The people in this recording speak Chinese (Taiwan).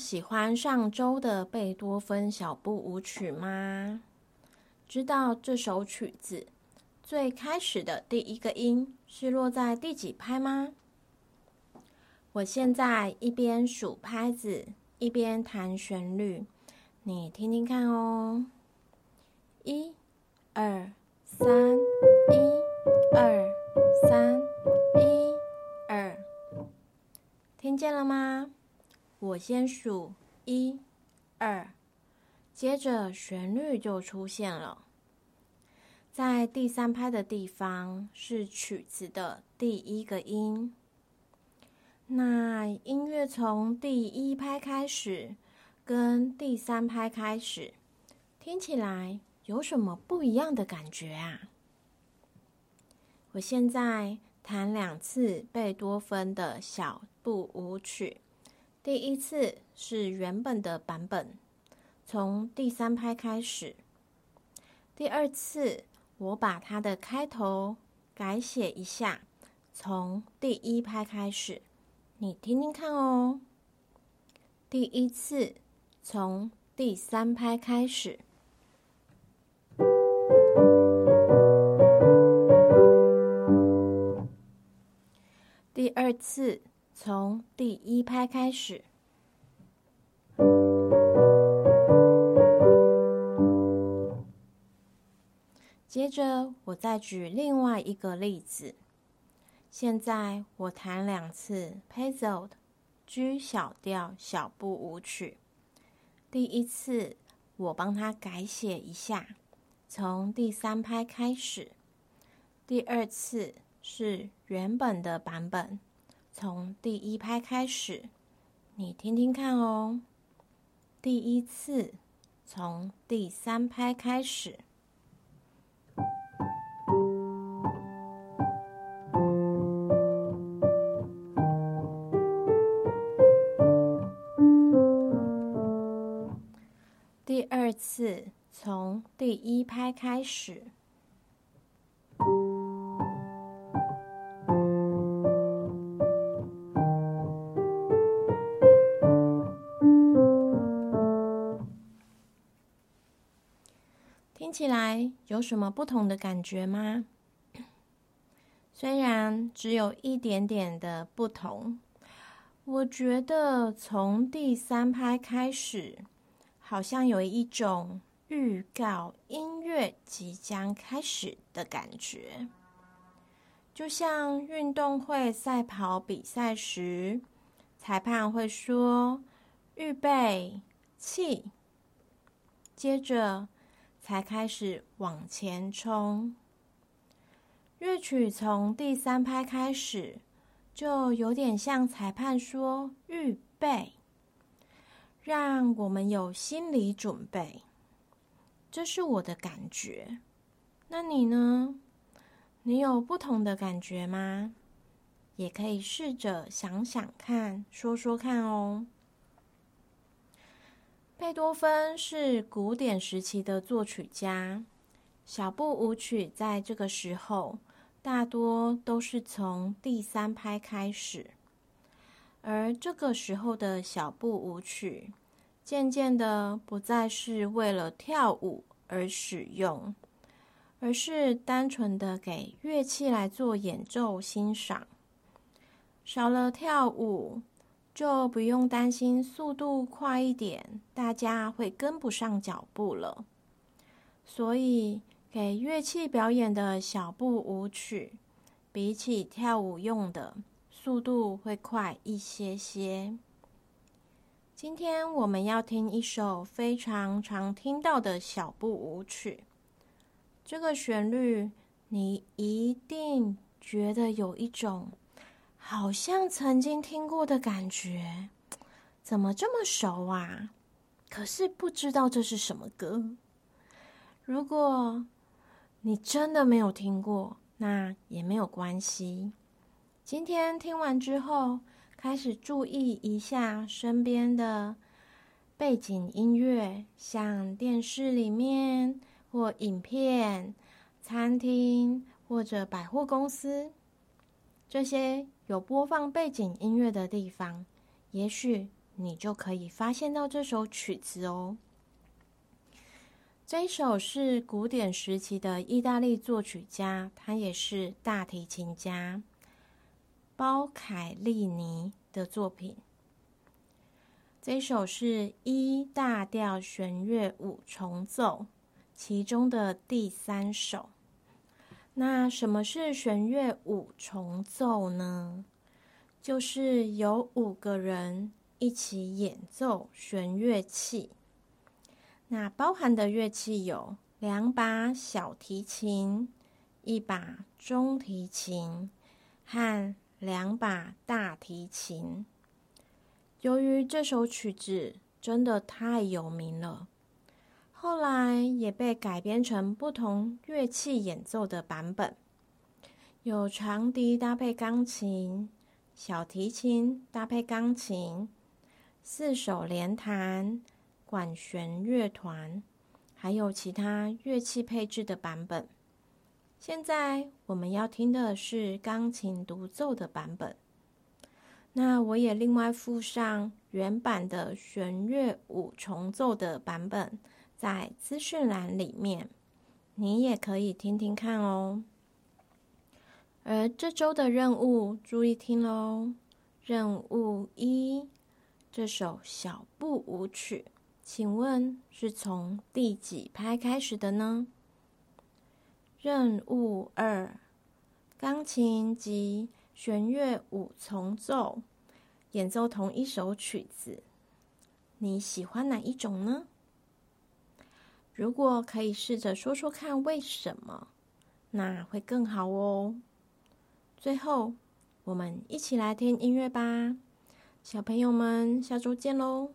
喜歡上週的貝多芬小步舞曲嗎？知道這首曲子最開始的第一個音是落在第幾拍嗎？我現在一邊數拍子，一邊彈旋律，你聽聽看哦。一、二、三、一。我先數一、二，接着旋律就出現了。在第三拍的地方是曲子的第一個音。那音樂從第一拍開始，跟第三拍開始，聽起來有什麼不一樣的感覺啊？我現在彈兩次貝多芬的小步舞曲。第一次是原本的版本，從第三拍開始。第二次我把它的開頭改寫一下，從第一拍開始，你聽聽看哦。第一次從第三拍開始，第二次。從第一拍開始。接着，我再舉另外一個例子。現在我彈兩次《Pezold G 小調小步舞曲》。第一次，我幫他改寫一下，從第三拍開始。第二次是原本的版本。從第一拍開始，你聽聽看哦。第一次從第三拍開始。第二次從第一拍開始。聽起來有什麼不同的感覺嗎？雖然只有一點點的不同，我覺得從第三拍開始，好像有一種預告音樂即將開始的感覺，就像運動會賽跑比賽時，裁判會說“預備，起”，接着，才開始往前衝。樂曲從第三拍開始，就有點像裁判說“預備”，讓我們有心理準備。這是我的感覺。那你呢？你有不同的感覺嗎？也可以試着想想看，說說看哦。貝多芬是古典時期的作曲家。小步舞曲在這個時候大多都是從第三拍開始，而這個時候的小步舞曲漸漸的不再是為了跳舞而使用，而是單純的給樂器來做演奏欣賞，少了跳舞，就不用擔心速度快一點，大家會跟不上腳步了。所以，給樂器表演的小步舞曲，比起跳舞用的，速度會快一些些。今天我們要聽一首非常常聽到的小步舞曲，這個旋律，你一定覺得有一種。好像曾經聽過的感覺，怎麼這麼熟啊？可是不知道這是什麼歌。如果你真的沒有聽過，那也沒有關係。今天聽完之後，開始注意一下身邊的背景音樂，像電視裡面或影片、餐廳或者百貨公司。這些有播放背景音樂的地方，也許你就可以發現到這首曲子哦。這首是古典時期的意大利作曲家，他也是大提琴家，包凱利尼的作品。這首是 E 大調弦樂五重奏，其中的第三首。那什麼是弦樂五重奏呢？就是有五個人一起演奏弦樂器。那包含的樂器有兩把小提琴、一把中提琴和兩把大提琴。由於這首曲子真的太有名了。後來也被改編成不同樂器演奏的版本，有長笛搭配鋼琴、小提琴搭配鋼琴、四手聯彈、管弦樂團，還有其他樂器配置的版本。現在我們要聽的是鋼琴獨奏的版本。那我也另外附上原版的弦樂五重奏的版本。在資訊欄裡面，你也可以聽聽看哦。而這週的任務，注意聽嘍！任務一：這首小步舞曲，請問是從第幾拍開始的呢？任務二：鋼琴及弦樂五重奏演奏同一首曲子，你喜歡哪一種呢？如果可以試着說說看為什麼，那會更好哦。最後，我們一起來聽音樂吧，小朋友們，下周見嘍。